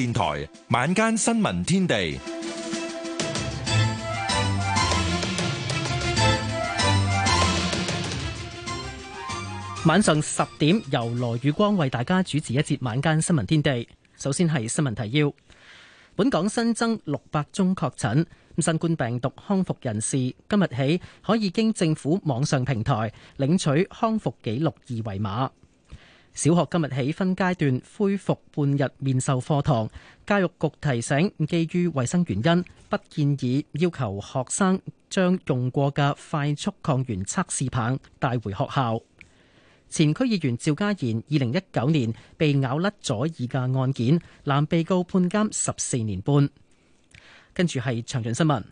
電台晚間新聞天地，晚上十點由羅宇光為大家主持一節晚間新聞天地。首先係新聞提要：本港新增六百宗確診，新冠病毒康復人士今日起可以經政府網上平台領取康復記錄二維碼。小學今日起分階段恢復半日面授課堂，教育局提醒基於衛生原因，不建議要求學生將用過嘅快速抗原測試棒帶回學校。前區議員趙家賢，二零一九年被咬甩左耳嘅案件，男被告判監十四年半。跟住係詳盡新聞。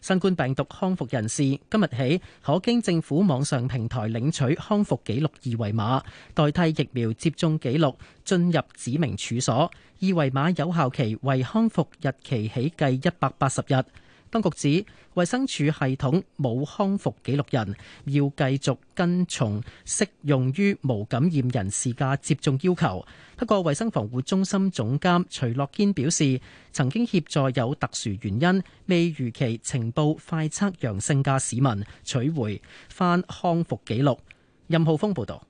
新冠病毒康復人士今日起可經政府網上平台領取康復記錄二維碼代替疫苗接種記錄進入指明處所。二維碼有效期為康復日期起計一百八十日。當局指衛生署系統冇康復記錄人，要繼續跟從適用於無感染人士嘅接種要求。不過，衛生防護中心總監徐樂堅表示，曾經協助有特殊原因未如期呈報快測陽性嘅市民取回翻康復記錄。任浩峰報道。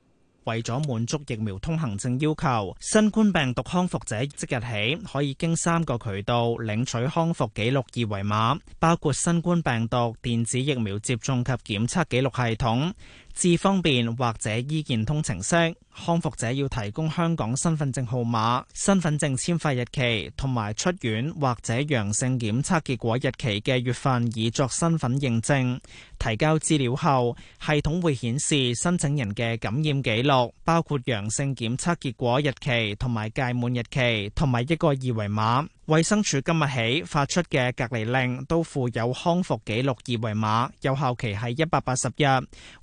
為咗滿足疫苗通行證要求，新冠病毒康復者即日起可以經三個渠道領取康復記錄二維碼，包括新冠病毒電子疫苗接種及檢測記錄系統。智方便、或者醫健通程式，康復者要提供香港身份證號碼、身份證簽發日期、同埋出院或者陽性檢測結果日期嘅月份，以作身份認證。提交資料後，系統會顯示申請人嘅感染記錄，包括陽性檢測結果日期同埋屆滿日期同埋一個二維碼。衛生署今日起發出嘅隔離令都附有康復記錄二維碼，有效期係一百八十日，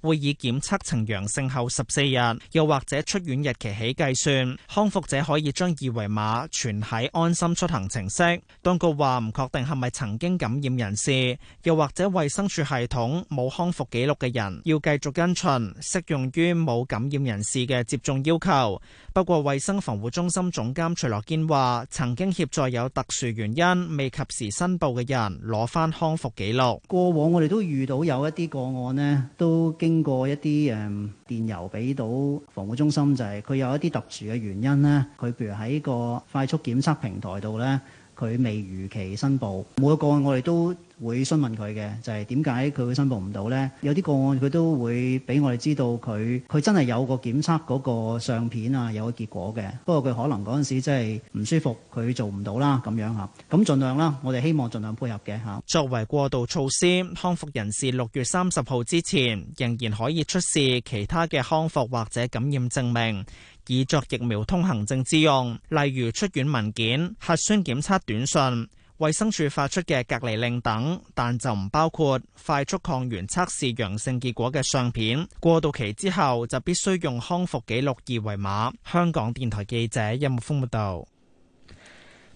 會以檢測呈陽性後十四日，又或者出院日期起計算。康復者可以將二維碼存喺安心出行程式。當局話唔確定係咪曾經感染人士，又或者衛生署系統冇康復記錄嘅人，要繼續跟循，適用於冇感染人士嘅接種要求。不過，衛生防護中心總監徐樂堅話，曾經協助有。特殊原因未及時申報嘅人攞翻康復記錄。過往我哋都遇到有一啲個案咧，都經過一啲誒、嗯、電郵俾到防護中心，就係、是、佢有一啲特殊嘅原因咧，佢譬如喺個快速檢測平台度咧，佢未如期申報，每一個個案我哋都會詢問佢嘅，就係點解佢會申報唔到呢？有啲個案佢都會俾我哋知道佢佢真係有個檢測嗰個相片啊，有個結果嘅。不過佢可能嗰陣時真係唔舒服，佢做唔到啦咁樣嚇。咁盡量啦，我哋希望盡量配合嘅嚇。作為過渡措施，康復人士六月三十號之前仍然可以出示其他嘅康復或者感染證明，以作疫苗通行證之用，例如出院文件、核酸檢測短信。衛生署發出嘅隔離令等，但就唔包括快速抗原測試陽性結果嘅相片。過渡期之後就必須用康復記錄二維碼。香港電台記者任木鋒報道。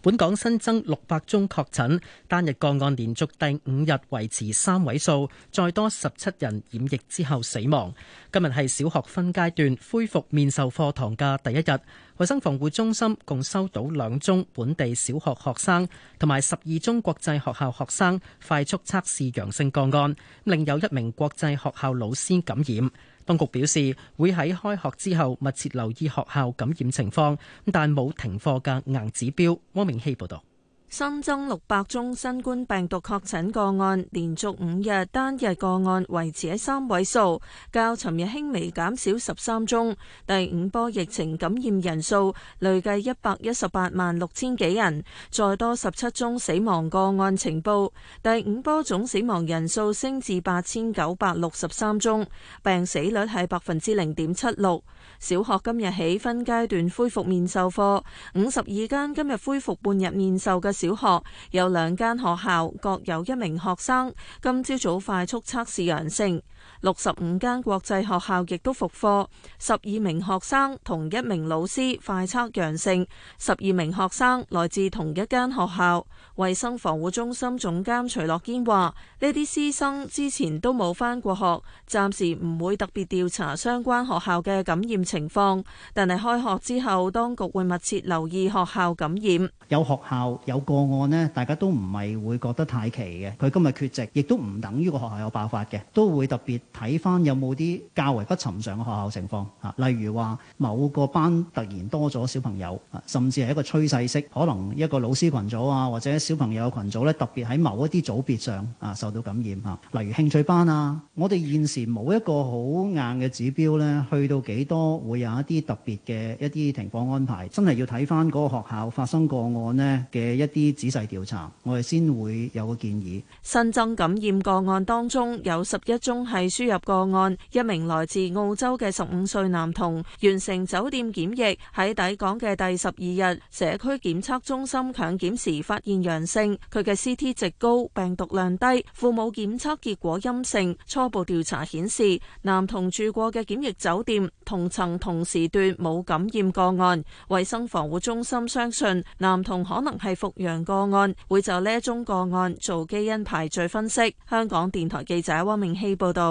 本港新增六百宗確診，單日個案連續第五日維持三位數，再多十七人染疫之後死亡。今日係小學分階段恢復面授課堂嘅第一日，衛生防護中心共收到兩宗本地小學學生同埋十二宗國際學校學生快速測試陽性個案，另有一名國際學校老師感染。當局表示，會喺開學之後密切留意學校感染情況，但冇停課嘅硬指標。汪明希報道。新增六百宗新冠病毒確診個案，連續五日單日個案維持喺三位數，較尋日輕微減少十三宗。第五波疫情感染人數累計一百一十八萬六千幾人，再多十七宗死亡個案情報。第五波總死亡人數升至八千九百六十三宗，病死率係百分之零點七六。小學今日起分階段恢復面授課，五十二間今日恢復半日面授嘅小學，有兩間學校各有一名學生，今朝早快速測試陽性。六十五間國際學校亦都復課，十二名學生同一名老師快測陽性，十二名學生來自同一間學校。衛生防護中心總監徐樂堅話：呢啲師生之前都冇返過學，暫時唔會特別調查相關學校嘅感染情況。但係開學之後，當局會密切留意學校感染。有學校有個案呢，大家都唔係會覺得太奇嘅。佢今日缺席，亦都唔等於個學校有爆發嘅，都會特別。睇翻有冇啲較為不尋常嘅學校情況啊，例如話某個班突然多咗小朋友啊，甚至係一個趨勢式，可能一個老師群組啊，或者小朋友群組咧，特別喺某一啲組別上啊受到感染啊，例如興趣班啊。我哋現時冇一個好硬嘅指標咧，去到幾多會有一啲特別嘅一啲情況安排，真係要睇翻嗰個學校發生個案呢嘅一啲仔細調查，我哋先會有個建議。新增感染個案當中有十一宗係係輸入個案，一名來自澳洲嘅十五歲男童，完成酒店檢疫喺抵港嘅第十二日，社區檢測中心強檢時發現陽性，佢嘅 C T 值高，病毒量低，父母檢測結果陰性。初步調查顯示，男童住過嘅檢疫酒店同層同時段冇感染個案。衛生防護中心相信男童可能係復陽個案，會就呢一宗個案做基因排序分析。香港電台記者汪明熙報道。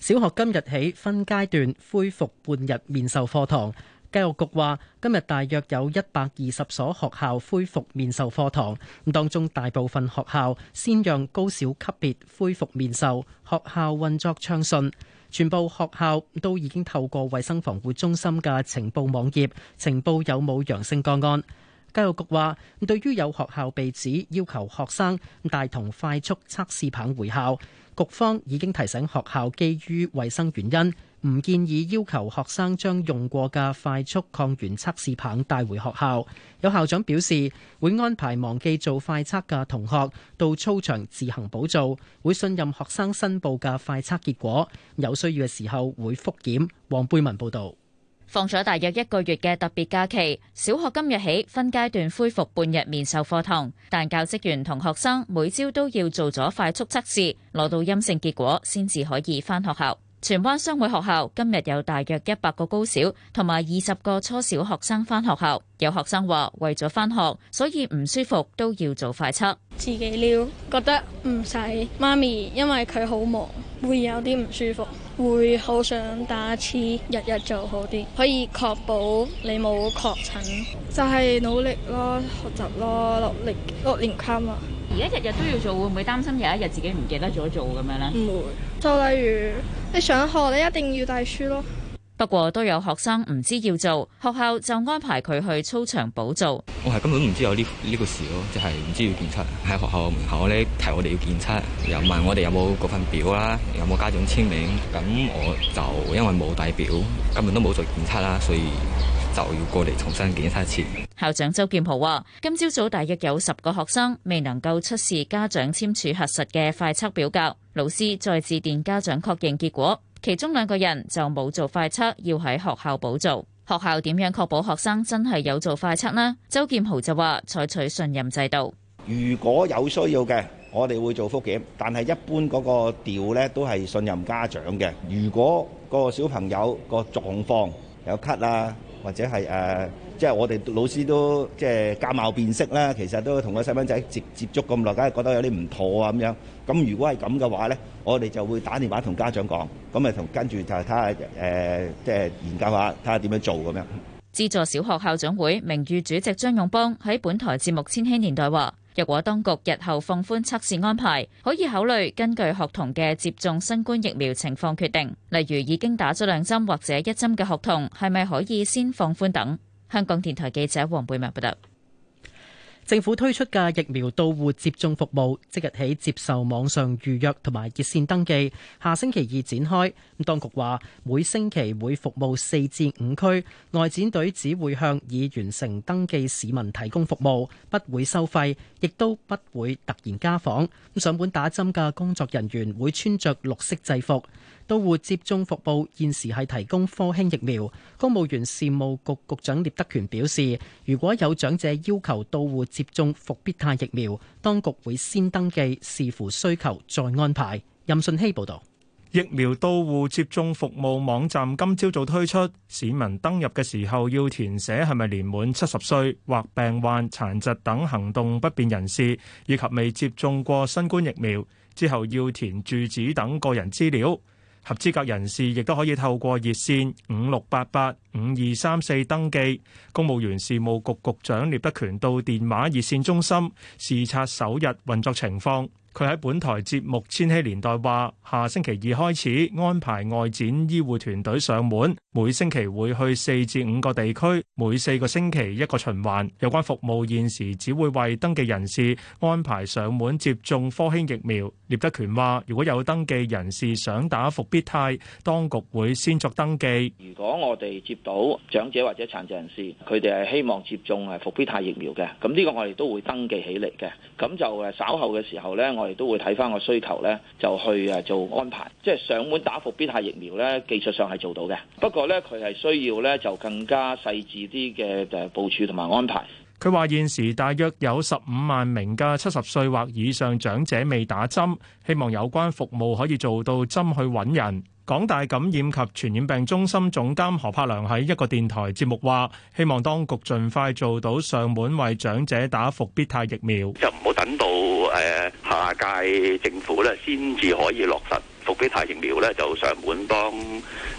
小學今日起分階段恢復半日面授課堂，教育局話，今日大約有一百二十所學校恢復面授課堂，咁當中大部分學校先讓高小級別恢復面授，學校運作暢順，全部學校都已經透過衛生防護中心嘅情報網頁，情報有冇陽性個案。教育局話，對於有學校被指要求學生帶同快速測試棒回校。局方已經提醒學校，基於衛生原因，唔建議要求學生將用過嘅快速抗原測試棒帶回學校。有校長表示，會安排忘記做快測嘅同學到操場自行補做，會信任學生申報嘅快測結果，有需要嘅時候會覆檢。黃貝文報道。放咗大約一個月嘅特別假期，小學今日起分階段恢復半日面授課堂，但教職員同學生每朝都要做咗快速測試，攞到陰性結果先至可以翻學校。荃灣商會學校今日有大約一百個高小同埋二十個初小學生翻學校，有學生話為咗翻學，所以唔舒服都要做快測。自己撩，覺得唔使媽咪，因為佢好忙。會有啲唔舒服，會好想打次，日日做好啲，可以確保你冇確診，就係努力咯，學習咯，六年六年級嘛。而家日日都要做，會唔會擔心有一日自己唔記得咗做咁樣呢？唔會。就例如你上學，你一定要帶書咯。不過都有學生唔知要做，學校就安排佢去操場補做。我係根本唔知有呢呢個事咯，即係唔知要檢測喺學校門口咧，提我哋要檢測，又問我哋有冇嗰份表啦，有冇家長簽名。咁我就因為冇帶表，根本都冇做檢測啦，所以就要過嚟重新檢測一次。校長周建豪話：今朝早大約有十個學生未能夠出示家長簽署核實嘅快測表格，老師再致電家長確認結果。其中兩個人就冇做快測，要喺學校補做。學校點樣確保學生真係有做快測呢？周劍豪就話採取信任制度，如果有需要嘅，我哋會做復檢，但係一般嗰個調呢都係信任家長嘅。如果嗰個小朋友個狀況有咳啊，或者係誒。Uh, 即係我哋老師都即係假貌變色啦。其實都同個細蚊仔接接觸咁耐，梗係覺得有啲唔妥啊咁樣。咁如果係咁嘅話咧，我哋就會打電話同家長講，咁咪同跟住就睇下誒，即係研究下睇下點樣做咁樣。資助小學校長會名譽主席張勇邦喺本台節目《千禧年代》話：「若果當局日後放寬測試安排，可以考慮根據學童嘅接種新冠疫苗情況決定，例如已經打咗兩針或者一針嘅學童係咪可以先放寬等？」香港電台記者黃貝文報道，政府推出嘅疫苗到戶接種服務即日起接受網上預約同埋熱線登記，下星期二展開。當局話，每星期會服務四至五區，外展隊只會向已完成登記市民提供服務，不會收費，亦都不會突然家訪。上門打針嘅工作人員會穿着綠色制服。到戶接種服務現時係提供科興疫苗。公務員事務局局長聶德權表示，如果有長者要求到戶接種復必泰疫苗，當局會先登記，視乎需求再安排。任信希報道，疫苗到戶接種服務網站今朝早推出，市民登入嘅時候要填寫係咪年滿七十歲或病患、殘疾等行動不便人士，以及未接種過新冠疫苗。之後要填住址等個人資料。合資格人士亦都可以透過熱線五六八八五二三四登記。公務員事務局局長聶德權到電話熱線中心視察首日運作情況。佢喺本台節目《千禧年代》話：下星期二開始安排外展醫護團隊上門，每星期會去四至五個地區，每四個星期一個循環。有關服務現時只會為登記人士安排上門接種科興疫苗。聶德權話：如果有登記人士想打復必泰，當局會先作登記。如果我哋接到長者或者殘疾人士，佢哋係希望接種係復必泰疫苗嘅，咁呢個我哋都會登記起嚟嘅。咁就誒稍後嘅時候呢。我哋都會睇翻個需求咧，就去誒做安排，即係上門打復必泰疫苗咧，技術上係做到嘅。不過咧，佢係需要咧就更加細緻啲嘅誒部署同埋安排。佢話現時大約有十五萬名嘅七十歲或以上長者未打針，希望有關服務可以做到針去揾人。港大感染及傳染病中心總監何柏良喺一個電台節目話：希望當局盡快做到上門為長者打復必泰疫苗。等到誒、呃、下屆政府咧，先至可以落實。復必泰疫苗咧就上門幫誒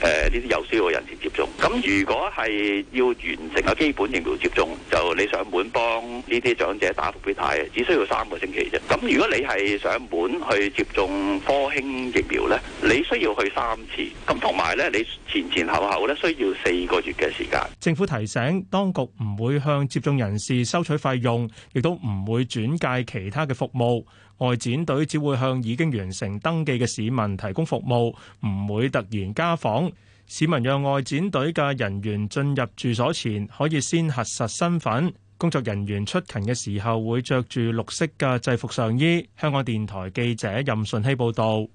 呢啲有需要嘅人士接種。咁如果係要完成個基本疫苗接種，就你上門幫呢啲長者打復必泰，只需要三個星期啫。咁如果你係上門去接種科興疫苗咧，你需要去三次。咁同埋咧，你前前後後咧需要四個月嘅時間。政府提醒，當局唔會向接種人士收取費用，亦都唔會轉介其他嘅服務。外展隊只會向已經完成登記嘅市民提供服務，唔會突然家訪。市民讓外展隊嘅人員進入住所前，可以先核實身份。工作人員出勤嘅時候會着住綠色嘅制服上衣。香港電台記者任順希報道。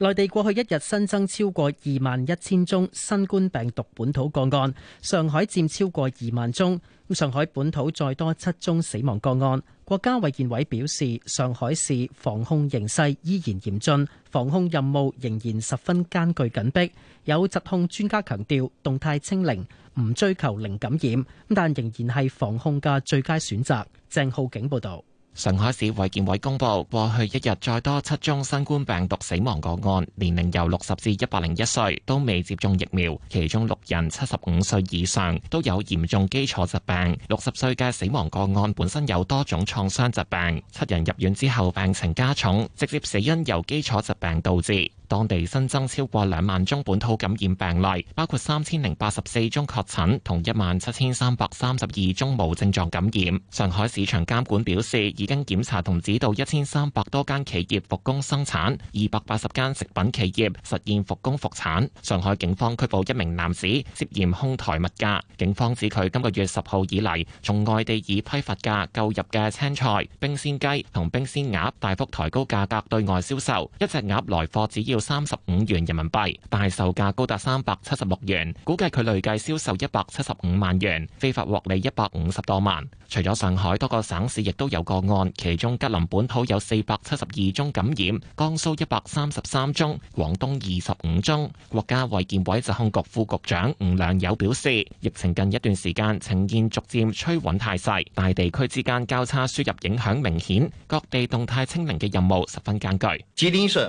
內地過去一日新增超過二萬一千宗新冠病毒本土個案，上海佔超過二萬宗。上海本土再多七宗死亡個案。國家衛健委表示，上海市防控形勢依然嚴峻，防控任務仍然十分艱巨緊迫。有疾控專家強調，動態清零唔追求零感染，但仍然係防控嘅最佳選擇。鄭浩景報導。上海市衛健委公布，過去一日再多七宗新冠病毒死亡個案，年齡由六十至一百零一歲，都未接種疫苗，其中六人七十五歲以上都有嚴重基礎疾病，六十歲嘅死亡個案本身有多種創傷疾病，七人入院之後病情加重，直接死因由基礎疾病導致。當地新增超過兩萬宗本土感染病例，包括三千零八十四宗確診同一萬七千三百三十二宗無症狀感染。上海市場監管表示，已經檢查同指導一千三百多間企業復工生產，二百八十間食品企業實現復工復產。上海警方拘捕一名男子涉嫌哄抬物價，警方指佢今個月十號以嚟，從外地以批發價購入嘅青菜、冰鮮雞同冰鮮鴨，大幅抬高價格對外銷售，一隻鴨來貨只要三十五元人民幣，但係售價高達三百七十六元，估計佢累計銷售一百七十五萬元，非法獲利一百五十多萬。除咗上海，多個省市亦都有個案，其中吉林本土有四百七十二宗感染，江蘇一百三十三宗，廣東二十五宗。國家衛健委疾控局副局長吳良友表示，疫情近一段時間呈現逐漸趨穩態勢，大地區之間交叉輸入影響明顯，各地動態清零嘅任務十分艱巨。至於上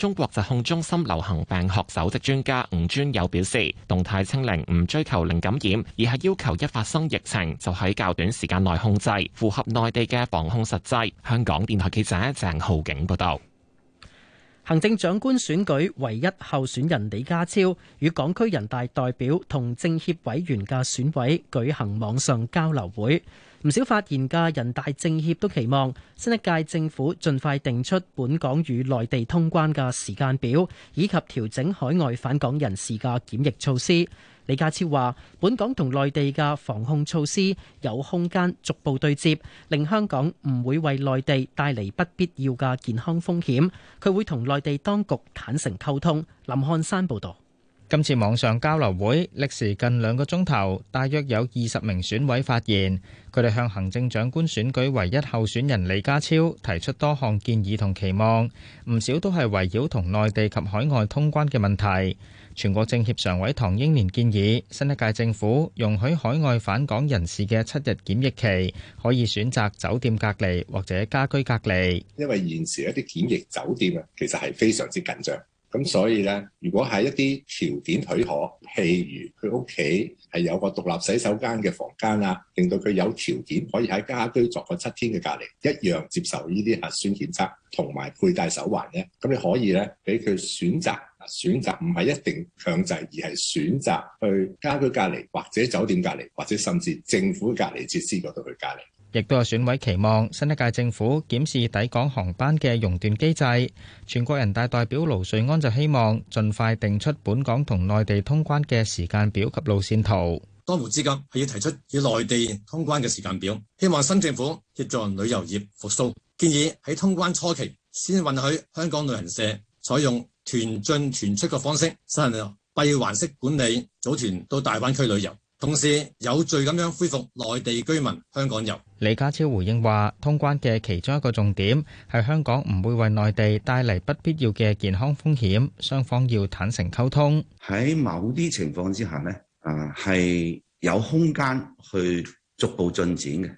中國疾控中心流行病學首席專家吳尊友表示，動態清零唔追求零感染，而係要求一發生疫情就喺較短時間內控制，符合內地嘅防控實際。香港電台記者鄭浩景報道，行政長官選舉唯一候選人李家超與港區人大代表同政協委員嘅選委舉行網上交流會。唔少發言嘅人大政協都期望新一屆政府盡快定出本港與內地通關嘅時間表，以及調整海外返港人士嘅檢疫措施。李家超話，本港同內地嘅防控措施有空間逐步對接，令香港唔會為內地帶嚟不必要嘅健康風險。佢會同內地當局坦誠溝通。林漢山報道。今次網上交流會歷時近兩個鐘頭，大約有二十名選委發言，佢哋向行政長官選舉唯一候選人李家超提出多項建議同期望，唔少都係圍繞同內地及海外通關嘅問題。全國政協常委唐英年建議，新一屆政府容許海外返港人士嘅七日檢疫期可以選擇酒店隔離或者家居隔離，因為現時一啲檢疫酒店啊，其實係非常之緊張。咁所以咧，如果喺一啲條件許可，譬如佢屋企係有個獨立洗手間嘅房間啦，令到佢有條件可以喺家居作個七天嘅隔離，一樣接受呢啲核酸檢測同埋佩戴手環呢，咁你可以咧俾佢選擇，選擇唔係一定強制，而係選擇去家居隔離，或者酒店隔離，或者甚至政府隔離設施嗰度去隔離。亦都有選委期望新一屆政府檢視抵港航班嘅熔斷機制。全國人大代表盧瑞安就希望盡快定出本港同內地通關嘅時間表及路線圖。當務之急係要提出與內地通關嘅時間表，希望新政府協助旅遊業復甦。建議喺通關初期先允許香港旅行社採用團進團出嘅方式，實行閉環式管理組團到大灣區旅遊。同時有序咁樣恢復內地居民香港遊。李家超回應話，通關嘅其中一個重點係香港唔會為內地帶嚟不必要嘅健康風險，雙方要坦誠溝通。喺某啲情況之下呢，啊係有空間去逐步進展嘅。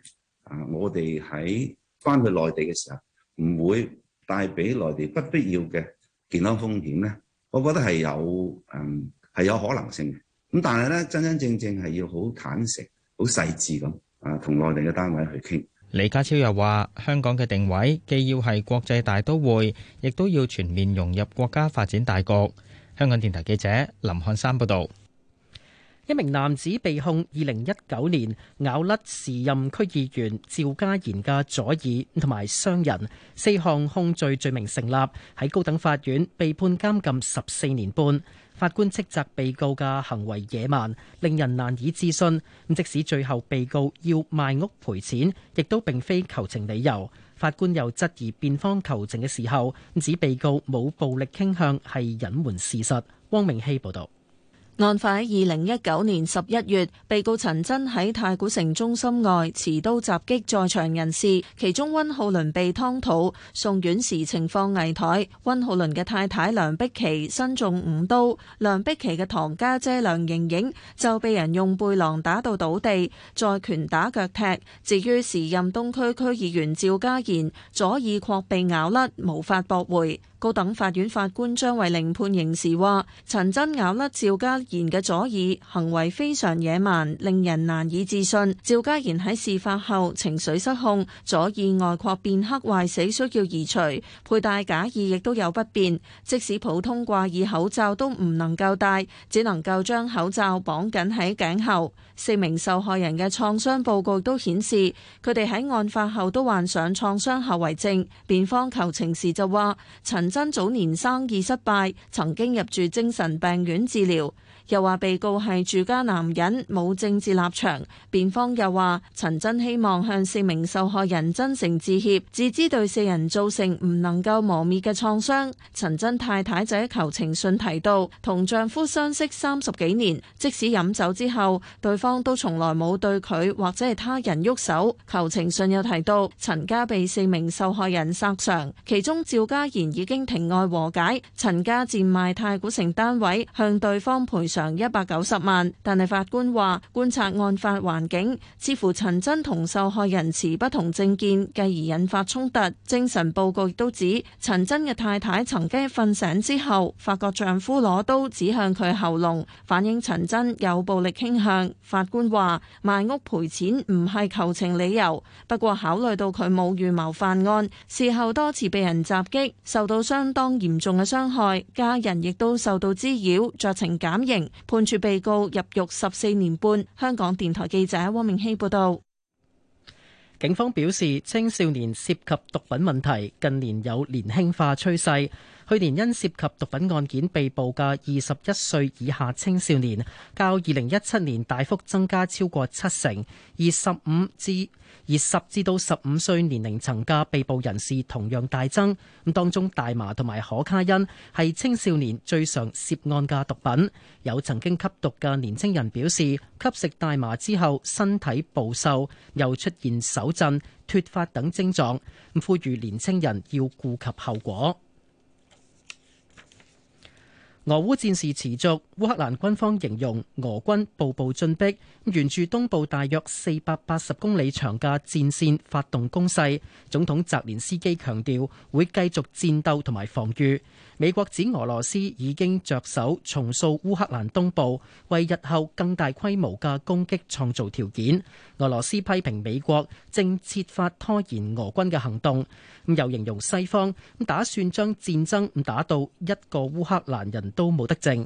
啊，我哋喺返去內地嘅時候，唔會帶俾內地不必要嘅健康風險咧。我覺得係有，嗯係有可能性嘅。咁但係咧，真真正正係要好坦誠、好細緻咁啊，同內地嘅單位去傾。李家超又話：香港嘅定位既要係國際大都會，亦都要全面融入國家發展大局。香港電台記者林漢山報道：「一名男子被控二零一九年咬甩時任區議員趙家賢嘅左耳，同埋傷人四項控罪罪名成立，喺高等法院被判監禁十四年半。法官斥責被告嘅行為野蠻，令人難以置信。即使最後被告要賣屋賠錢，亦都並非求情理由。法官又質疑辯方求情嘅時候，指被告冇暴力傾向係隱瞞事實。汪明希報道。案發喺二零一九年十一月，被告陳真喺太古城中心外持刀襲擊在場人士，其中溫浩倫被劏肚送院時情況危殆，溫浩倫嘅太太梁碧琪身中五刀，梁碧琪嘅堂家姐梁瑩瑩就被人用背囊打到倒地，再拳打腳踢，至於時任東區區議員趙家賢左耳廓被咬甩，無法駁回。高等法院法官張慧玲判刑時話：陳真咬甩趙嘉賢嘅左耳，行為非常野蠻，令人難以置信。趙嘉賢喺事發後情緒失控，左耳外擴變黑壞死，需要移除。佩戴假耳亦都有不便，即使普通掛耳口罩都唔能夠戴，只能夠將口罩綁緊喺頸後。四名受害人嘅創傷報告都顯示，佢哋喺案發後都患上創傷後遺症。辯方求情時就話，陳真早年生意失敗，曾經入住精神病院治療。又話被告係住家男人，冇政治立場。辯方又話陳真希望向四名受害人真誠致歉，自知對四人造成唔能夠磨滅嘅創傷。陳真太太就喺求情信提到，同丈夫相識三十幾年，即使飲酒之後，對方都從來冇對佢或者係他人喐手。求情信又提到，陳家被四名受害人索償，其中趙家賢已經庭外和解，陳家賤賣太古城單位向對方賠長一百九十萬，但係法官話觀察案發環境，似乎陳真同受害人持不同政見，繼而引發衝突。精神報告亦都指陳真嘅太太曾經瞓醒之後，發覺丈夫攞刀指向佢喉嚨，反映陳真有暴力傾向。法官話賣屋賠錢唔係求情理由，不過考慮到佢冇預謀犯案，事後多次被人襲擊，受到相當嚴重嘅傷害，家人亦都受到滋擾，酌情減刑。判處被告入獄十四年半。香港電台記者汪明熙報道，警方表示，青少年涉及毒品問題近年有年輕化趨勢。去年因涉及毒品案件被捕嘅二十一歲以下青少年，較二零一七年大幅增加超過七成，二十五至。而十至到十五歲年齡層嘅被捕人士同樣大增，咁當中大麻同埋可卡因係青少年最常涉案嘅毒品。有曾經吸毒嘅年青人表示，吸食大麻之後身體暴瘦，又出現手震、脫髮等症狀，呼籲年青人要顧及後果。俄烏戰事持續，烏克蘭軍方形容俄軍步步進逼，沿住東部大約四百八十公里長嘅戰線發動攻勢。總統澤連斯基強調會繼續戰鬥同埋防禦。美國指俄羅斯已經着手重塑烏克蘭東部，為日後更大規模嘅攻擊創造條件。俄羅斯批評美國正設法拖延俄軍嘅行動，又形容西方打算將戰爭打到一個烏克蘭人都冇得剩。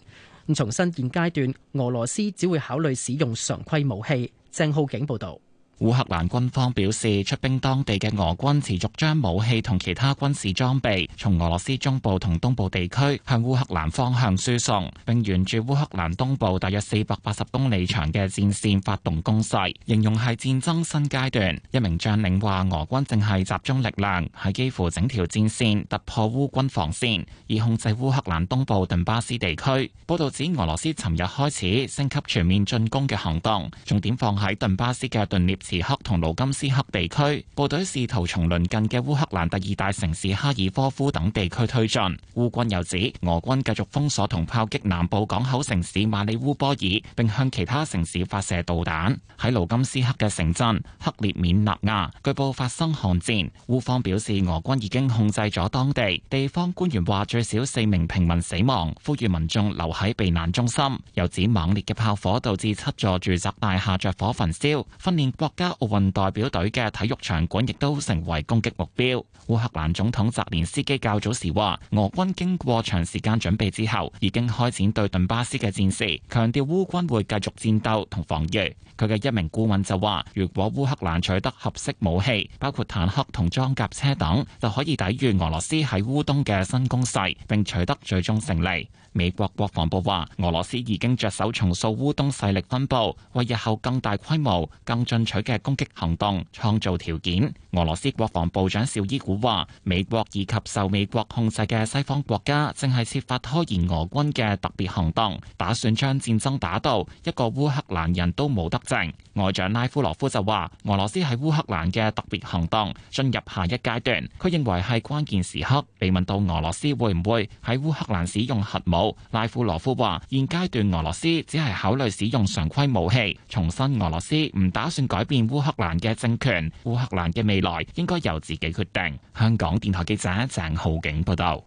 咁，重申現階段俄羅斯只會考慮使用常規武器。鄭浩景報道。烏克蘭軍方表示，出兵當地嘅俄軍持續將武器同其他軍事裝備從俄羅斯中部同東部地區向烏克蘭方向輸送，並沿住烏克蘭東部大約四百八十公里長嘅戰線發動攻勢，形容係戰爭新階段。一名將領話：俄軍正係集中力量喺幾乎整條戰線突破烏軍防線，以控制烏克蘭東部頓巴斯地區。報道指俄羅斯尋日開始升級全面進攻嘅行動，重點放喺頓巴斯嘅頓涅。時刻同盧甘斯克地區部隊試圖從鄰近嘅烏克蘭第二大城市哈爾科夫等地區推進。烏軍又指俄軍繼續封鎖同炮擊南部港口城市馬里烏波爾，並向其他城市發射導彈。喺盧甘斯克嘅城鎮克列緬納亞，據報發生巷戰。烏方表示俄軍已經控制咗當地，地方官員話最少四名平民死亡，呼籲民眾留喺避難中心。又指猛烈嘅炮火導致七座住宅大廈着火焚燒。訓練國。加奧運代表隊嘅體育場館亦都成為攻擊目標。烏克蘭總統澤連斯基較早時話，俄軍經過長時間準備之後，已經開展對頓巴斯嘅戰事，強調烏軍會繼續戰鬥同防禦。佢嘅一名顧問就話，如果烏克蘭取得合適武器，包括坦克同裝甲車等，就可以抵禦俄羅斯喺烏東嘅新攻勢，並取得最終勝利。美國國防部話，俄羅斯已經着手重塑烏東勢力分佈，為日後更大規模、更進取嘅攻擊行動創造條件。俄羅斯國防部長紹伊古話，美國以及受美國控制嘅西方國家正係設法拖延俄軍嘅特別行動，打算將戰爭打到一個烏克蘭人都冇得剩。外長拉夫羅夫就話，俄羅斯喺烏克蘭嘅特別行動進入下一階段，佢認為係關鍵時刻。被問到俄羅斯會唔會喺烏克蘭使用核武？拉夫羅夫話：現階段俄羅斯只係考慮使用常規武器，重申俄羅斯唔打算改變烏克蘭嘅政權，烏克蘭嘅未來應該由自己決定。香港電台記者鄭浩景報道。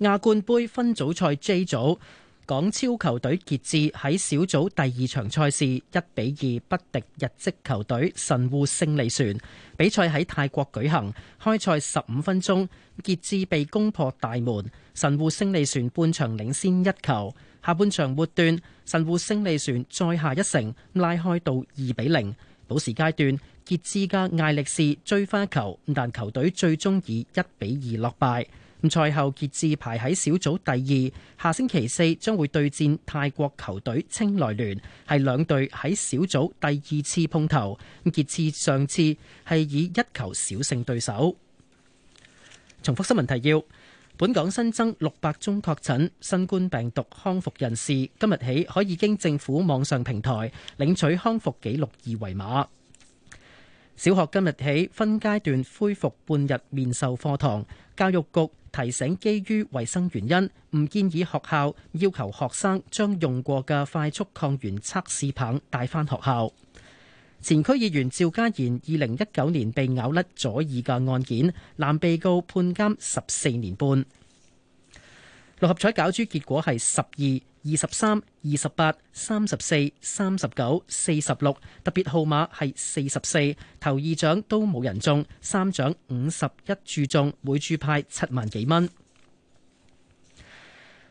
亞冠盃分組賽 J 組，港超球隊傑志喺小組第二場賽事一比二不敵日職球隊神戶勝利船，比賽喺泰國舉行，開賽十五分鐘傑志被攻破大門。神戶勝利船半場領先一球，下半場末段神戶勝利船再下一城拉開到二比零。補時階段，傑志加艾力士追翻一球，但球隊最終以一比二落敗。咁賽後傑志排喺小組第二，下星期四將會對戰泰國球隊清萊聯，係兩隊喺小組第二次碰頭。咁傑志上次係以一球小勝對手。重複新聞提要。本港新增六百宗確診新冠病毒康復人士，今日起可以經政府網上平台領取康復紀錄二維碼。小學今日起分階段恢復半日面授課堂，教育局提醒，基於衛生原因，唔建議學校要求學生將用過嘅快速抗原測試棒帶翻學校。前區議員趙家賢二零一九年被咬甩左耳嘅案件，男被告判監十四年半。六合彩攪珠結果係十二、二十三、二十八、三十四、三十九、四十六，特別號碼係四十四。頭二獎都冇人中，三獎五十一注中，每注派七萬幾蚊。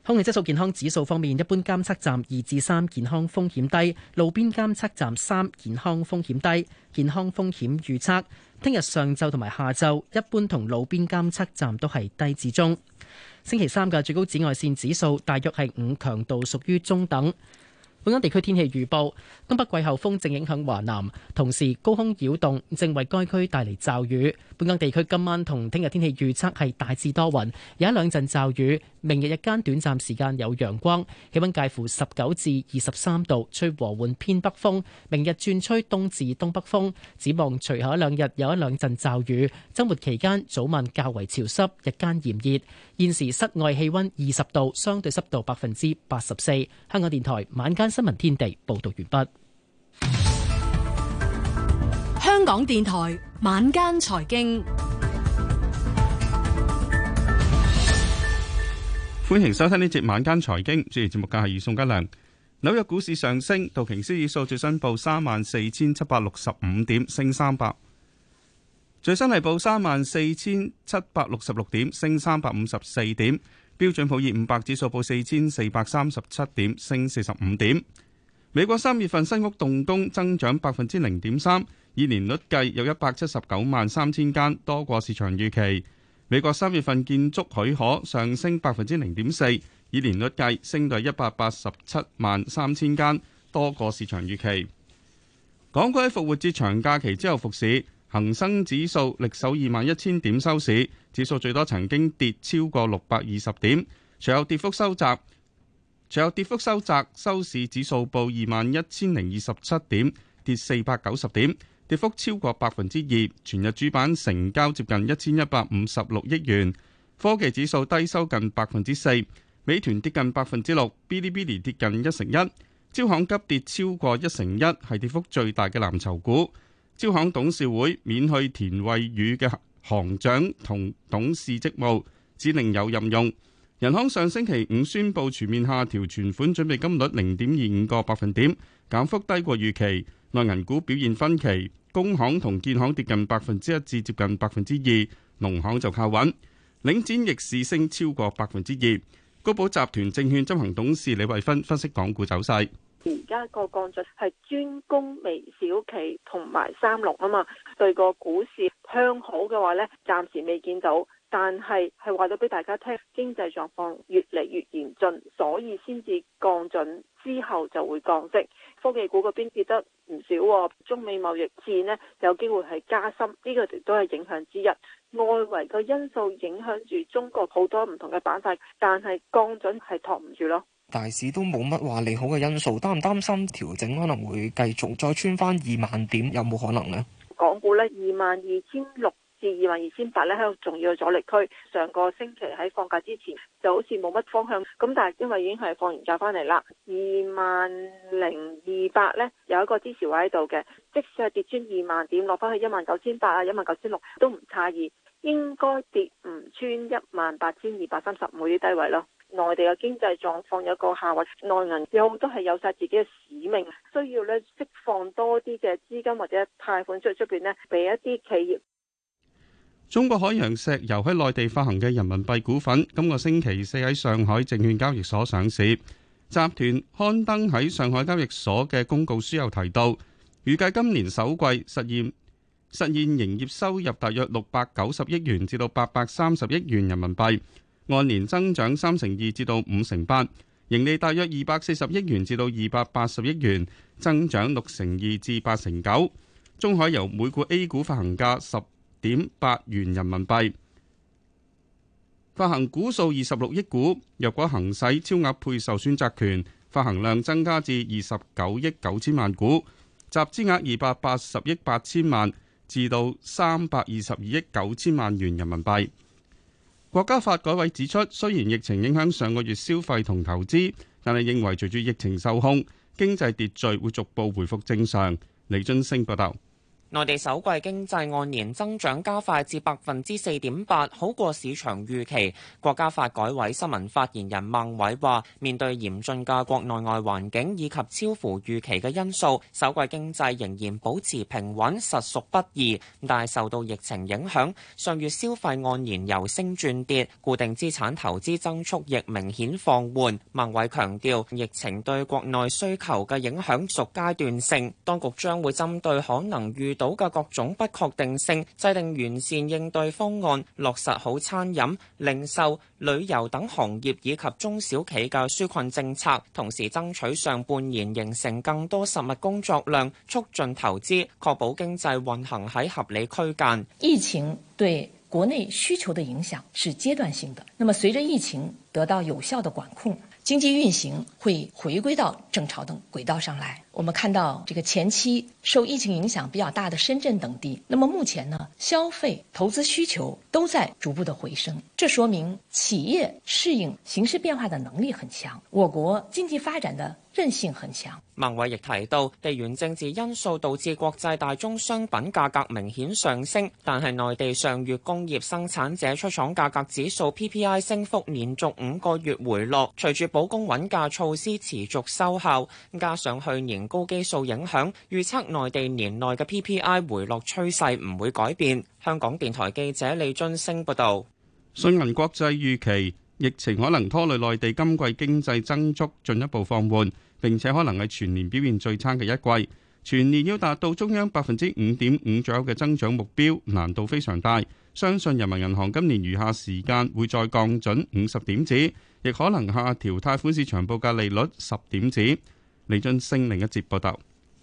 空氣質素健康指數方面，一般監測站二至三，健康風險低；路邊監測站三，健康風險低。健康風險預測：聽日上晝同埋下晝，一般同路邊監測站都係低至中。星期三嘅最高紫外線指數大約係五，強度屬於中等。本港地區天氣預報：東北季候風正影響華南，同時高空擾動正為該區帶嚟驟雨。本港地區今晚同聽日天氣預測係大致多雲，有一兩陣驟雨。明日日間短暫時間有陽光，氣溫介乎十九至二十三度，吹和緩偏北風。明日轉吹東至東北風。展望隨後一兩日有一兩陣驟雨。周末期間早晚較為潮濕，日間炎熱。現時室外氣溫二十度，相對濕度百分之八十四。香港電台晚間新聞天地報道完畢。港電台晚間財經，歡迎收聽呢節晚間財經，主持節目嘅係宋嘉良。紐約股市上升，道瓊斯指數最新報三萬四千七百六十五點，升三百。最新係報三萬四千七百六十六點，升三百五十四點。標準普爾五百指數報四千四百三十七點，升四十五點。美國三月份新屋動工增長百分之零點三。以年率計，有一百七十九萬三千間，多過市場預期。美國三月份建築許可上升百分之零點四，以年率計，升到一百八十七萬三千間，多過市場預期。港股喺復活節長假期之後復市，恒生指數力守二萬一千點收市，指數最多曾經跌超過六百二十點，隨後跌幅收窄，隨後跌幅收窄，收市指數報二萬一千零二十七點，跌四百九十點。跌幅超過百分之二，全日主板成交接近一千一百五十六億元。科技指數低收近百分之四，美團跌近百分之六，Bilibili 跌近一成一，招行急跌超過一成一，係跌幅最大嘅藍籌股。招行董事會免去田惠宇嘅行長同董事職務，指另有任用。人行上星期五宣布全面下調存款準備金率零點二五個百分點。減幅低過預期，內銀股表現分歧，工行同建行跌近百分之一至接近百分之二，農行就靠穩，領展逆市升超過百分之二。高寶集團證券執行董事李慧芬分析港股走勢：而家個降準係專攻微小企同埋三六啊嘛，對個股市向好嘅話呢，暫時未見到，但係係話咗俾大家聽，經濟狀況越嚟越嚴峻，所以先至降準之後就會降息。科技股嗰邊跌得唔少喎。哦，中美貿易戰呢，有機會係加深，呢、這個都係影響之一。外圍嘅因素影響住中國好多唔同嘅板塊，但係降準係托唔住咯。大市都冇乜話利好嘅因素，擔唔擔心調整可能會繼續再穿翻二萬點，有冇可能呢？港股呢，二萬二千六。至二萬二千八咧喺度，重要嘅阻力區。上個星期喺放假之前，就好似冇乜方向。咁但係因為已經係放完假翻嚟啦，二萬零二百咧有一個支持位喺度嘅。即使係跌穿二萬點，落翻去一萬九千八啊，一萬九千六都唔詫異。應該跌唔穿一萬八千二百三十五嘅低位咯。內地嘅經濟狀況有個下滑，內銀有都多係有晒自己嘅使命，需要咧釋放多啲嘅資金或者貸款出去出邊呢，俾一啲企業。中國海洋石油喺內地發行嘅人民幣股份，今個星期四喺上海證券交易所上市。集團刊登喺上海交易所嘅公告書又提到，預計今年首季實驗、實現營業收入大約六百九十億元至到八百三十億元人民幣，按年增長三成二至到五成八，8，盈利大約二百四十億元至到二百八十億元，增長六成二至八成九。中海油每股 A 股發行價十點八元人民幣，發行股數二十六億股，若果行使超額配售選擇權，發行量增加至二十九億九千萬股，集資額二百八十億八千萬至到三百二十二億九千萬元人民幣。國家發改委指出，雖然疫情影響上個月消費同投資，但係認為隨住疫情受控，經濟秩序會逐步回復正常。李津升報道。內地首季經濟按年增長加快至百分之四點八，好過市場預期。國家發改委新聞發言人孟偉話：面對嚴峻嘅國內外環境以及超乎預期嘅因素，首季經濟仍然保持平穩，實屬不易。但受到疫情影響，上月消費按年由升轉跌，固定資產投資增速亦明顯放緩。孟偉強調，疫情對國內需求嘅影響屬階段性，當局將會針對可能預到嘅各種不確定性，制定完善應對方案，落實好餐飲、零售、旅遊等行業以及中小企嘅紓困政策，同時爭取上半年形成更多實物工作量，促進投資，確保經濟運行喺合理區間。疫情對國內需求嘅影響是階段性的，那麼隨着疫情得到有效的管控，經濟運行會回歸到正常的軌道上來。我們看到這個前期受疫情影響比較大的深圳等地，那麼目前呢消費、投資需求都在逐步的回升，這說明企業適應形勢變化的能力很強，我國經濟發展的韌性很強。孟偉亦提到，地緣政治因素導致國際大宗商品價格明顯上升，但係內地上月工業生產者出廠價格指數 PPI 升幅連續五個月回落，隨住保供穩價措施持續收效，加上去年，高基數影響，預測內地年內嘅 PPI 回落趨勢唔會改變。香港電台記者李津升報道。信銀國際預期疫情可能拖累內地今季經濟增速進一步放緩，並且可能係全年表現最差嘅一季。全年要達到中央百分之五點五左右嘅增長目標，難度非常大。相信人民銀行今年餘下時間會再降準五十點子，亦可能下調貸款市場報價利率十點子。李津升另一節報道。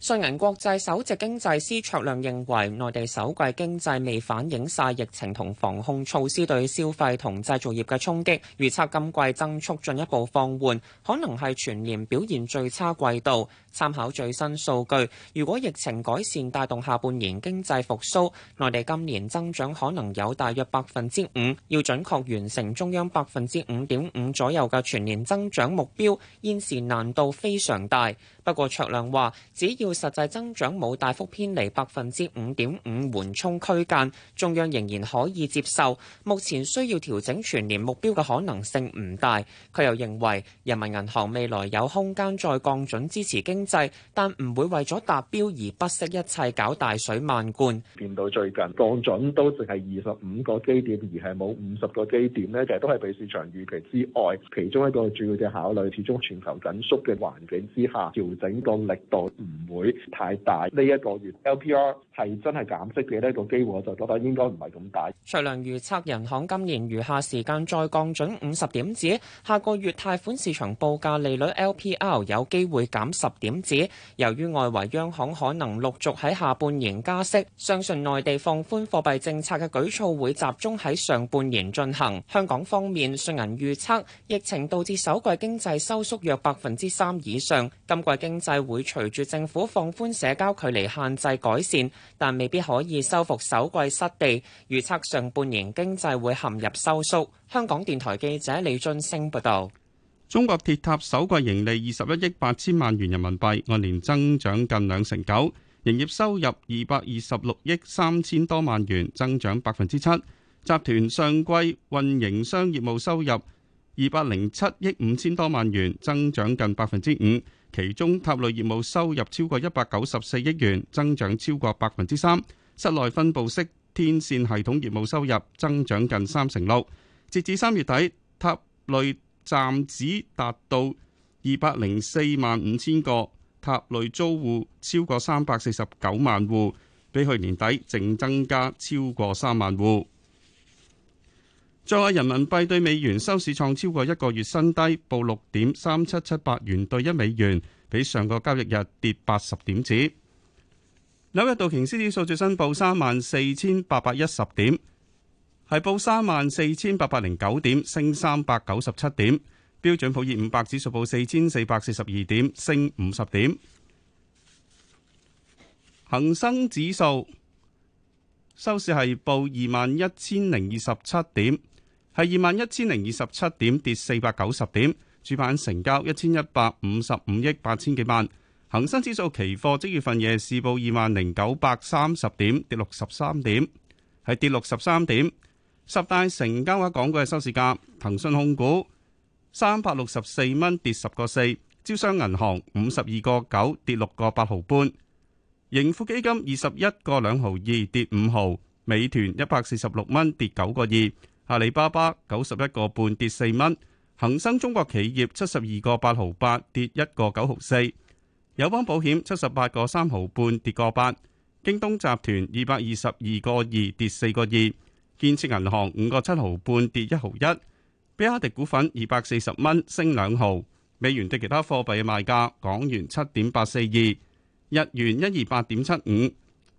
信銀國際首席經濟師卓亮認為，內地首季經濟未反映晒疫情同防控措施對消費同製造業嘅衝擊，預測今季增速進一步放緩，可能係全年表現最差季度。參考最新數據，如果疫情改善帶動下半年經濟復甦，內地今年增長可能有大約百分之五。要準確完成中央百分之五點五左右嘅全年增長目標，現時難度非常大。不過卓亮話，只要實際增長冇大幅偏離百分之五點五緩衝區間，中央仍然可以接受。目前需要調整全年目標嘅可能性唔大。佢又認為，人民銀行未來有空間再降準支持經濟，但唔會為咗達標而不惜一切搞大水漫灌。見到最近降準都淨係二十五個基點，而係冇五十個基點，呢其實都係比市場預期之外。其中一個主要嘅考慮，始終全球緊縮嘅環境之下調，整個力度唔會太大，呢一個月 LPR 係真係減息嘅呢個機會，我就覺得應該唔係咁大。徐量預測，人行今年餘下時間再降準五十點子，下個月貸款市場報價利率 LPR 有機會減十點子。由於外圍央行可能陸續喺下半年加息，相信內地放寬貨幣政策嘅舉措會集中喺上半年進行。香港方面，信銀預測疫情導致首季經濟收縮約百分之三以上，今季。經濟會隨住政府放寬社交距離限制改善，但未必可以收復首季失地。預測上半年經濟會陷入收縮。香港電台記者李俊升報導，中國鐵塔首季盈利二十一億八千萬元人民幣，按年增長近兩成九；營業收入二百二十六億三千多萬元，增長百分之七。集團上季運營商業務收入二百零七億五千多萬元，增長近百分之五。其中塔類業務收入超過一百九十四億元，增長超過百分之三；室內分布式天線系統業務收入增長近三成六。截至三月底，塔類站址達到二百零四萬五千個，塔類租戶超過三百四十九萬戶，比去年底淨增加超過三萬戶。在岸人民幣對美元收市創超過一個月新低，報六點三七七八元對一美元，比上個交易日跌八十點子。紐約道瓊斯指數最新報三萬四千八百一十點，係報三萬四千八百零九點，升三百九十七點。標準普爾五百指數報四千四百四十二點，升五十點。恒生指數收市係報二萬一千零二十七點。係二萬一千零二十七點，跌四百九十點。主板成交一千一百五十五億八千幾萬。恒生指數期貨即月份夜市報二萬零九百三十點，跌六十三點。係跌六十三點。十大成交嘅港股嘅收市價：騰訊控股三百六十四蚊，跌十個四；招商銀行五十二個九，9，跌六個八毫半；盈富基金二十一個兩毫二，2，跌五毫；美團一百四十六蚊，跌九個二。阿里巴巴九十一個半，跌四蚊，恒生中國企業七十二個八毫八，跌一個九毫四，友邦保險七十八個三毫半，跌個八，京東集團二百二十二個二，跌四個二，建設銀行五個七毫半，跌一毫一，比亞迪股份二百四十蚊升兩毫。美元兌其他貨幣嘅賣價，港元七點八四二，日元一二八點七五。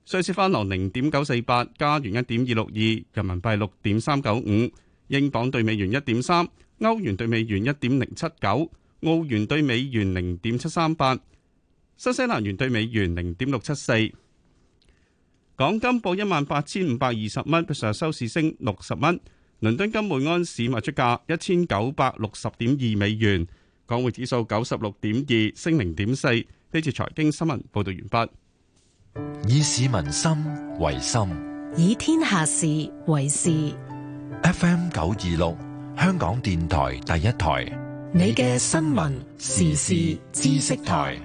瑞士法郎零點九四八，加元一點二六二，人民幣六點三九五，英鎊對美元一點三，歐元對美元一點零七九，澳元對美元零點七三八，新西蘭元對美元零點六七四。港金報一萬八千五百二十蚊，上日收市升六十蚊。倫敦金每安士賣出價一千九百六十點二美元，港匯指數九十六點二升零點四。呢次財經新聞報道完畢。以市民心為心，以天下事為事。FM 九二六，香港電台第一台，你嘅新聞時事知識台。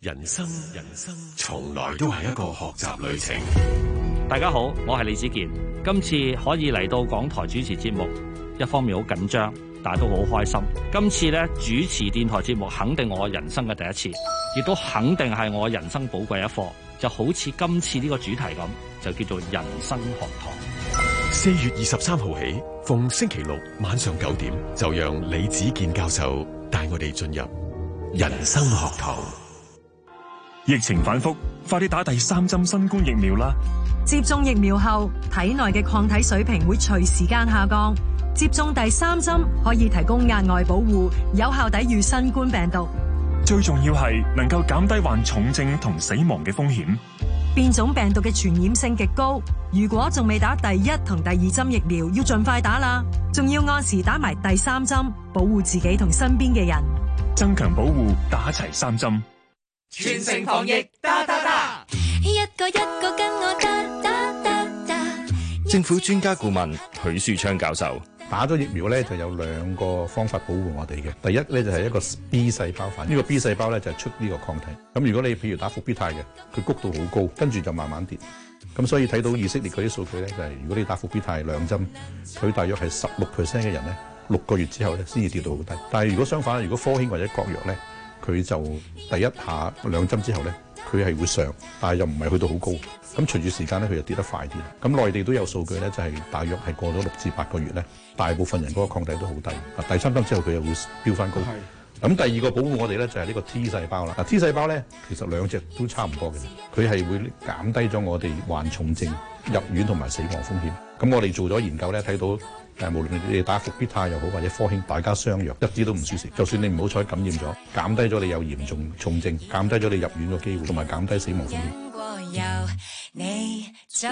人生人生從來都係一個學習旅程。大家好，我係李子健，今次可以嚟到港台主持節目，一方面好緊張。但係都好開心。今次咧主持電台節目，肯定我人生嘅第一次，亦都肯定係我人生寶貴一課。就好似今次呢個主題咁，就叫做人生學堂。四月二十三號起，逢星期六晚上九點，就讓李子健教授帶我哋進入人生學堂。疫情反覆，快啲打第三針新冠疫苗啦！接種疫苗後，體內嘅抗體水平會隨時間下降。接種第三針可以提供額外保護，有效抵御新冠病毒。最重要係能夠減低患重症同死亡嘅風險。變種病毒嘅傳染性極高，如果仲未打第一同第二針疫苗，要盡快打啦。仲要按時打埋第三針，保護自己同身邊嘅人。增強保護，打齊三針，全城防疫，打打打，一個一個跟我打打打打。政府專家顧問許樹昌教授。打咗疫苗咧就有兩個方法保護我哋嘅，第一咧就係、是、一個 B 細胞反應，呢、這個 B 細胞咧就係、是、出呢個抗體。咁如果你譬如打復必泰嘅，佢谷度好高，跟住就慢慢跌。咁所以睇到以色列嗰啲數據咧，就係、是、如果你打復必泰兩針，佢大約係十六 percent 嘅人咧，六個月之後咧先至跌到好低。但係如果相反，如果科興或者國藥咧，佢就第一下兩針之後咧。佢係會上，但係又唔係去到好高。咁隨住時間咧，佢又跌得快啲。咁內地都有數據咧，就係大約係過咗六至八個月咧，大部分人嗰個抗體都好低。啊，第三針之後佢又會飆翻高。咁第二個保護我哋咧就係呢個 T 細胞啦。啊，T 細胞咧其實兩隻都差唔多嘅。佢係會減低咗我哋患重症、入院同埋死亡風險。咁我哋做咗研究咧，睇到。但係，無論你哋打復必泰又好，或者科興，大家相若，一啲都唔輸蝕。就算你唔好彩感染咗，減低咗你有嚴重重症，減低咗你入院嘅機會，同埋減低死亡風險。由你做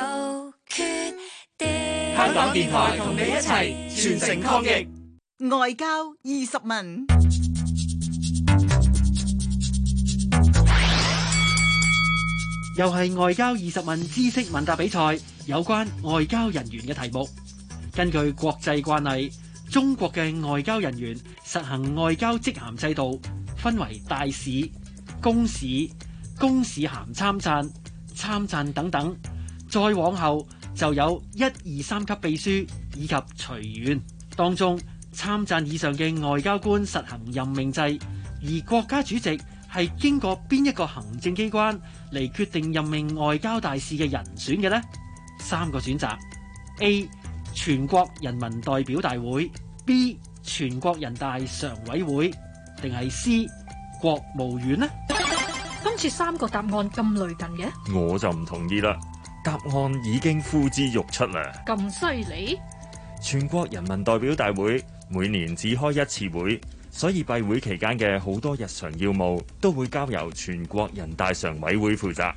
決定。香港電台同你一齊全城抗疫。外交二十問，又係外交二十問知識問答比賽，有關外交人員嘅題目。根據國際慣例，中國嘅外交人員實行外交職銜制度，分為大使、公使、公使銜參贊、參贊等等。再往後就有一二三級秘書以及隨員。當中參贊以上嘅外交官實行任命制，而國家主席係經過邊一個行政機關嚟決定任命外交大使嘅人選嘅呢？三個選擇 A。全國人民代表大會，B 全國人大常委會，定係 C 國務院呢？今次三個答案咁類近嘅，我就唔同意啦。答案已經呼之欲出啦。咁犀利？全國人民代表大會每年只開一次會，所以閉會期間嘅好多日常要務都會交由全國人大常委會負責。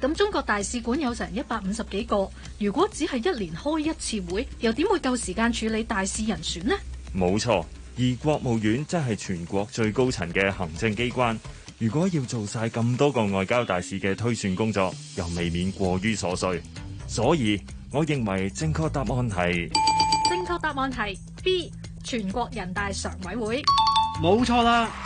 咁中國大使館有成一百五十幾個，如果只係一年開一次會，又點會夠時間處理大使人選呢？冇錯，而國務院真係全國最高層嘅行政機關，如果要做晒咁多個外交大使嘅推選工作，又未免過於瑣碎。所以我認為正確答案係正確答案係 B，全國人大常委會。冇錯啦。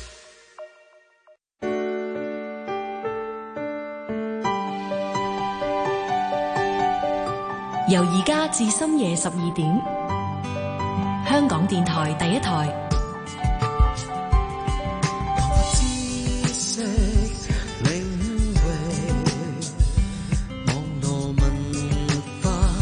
由而家至深夜十二點，香港電台第一台。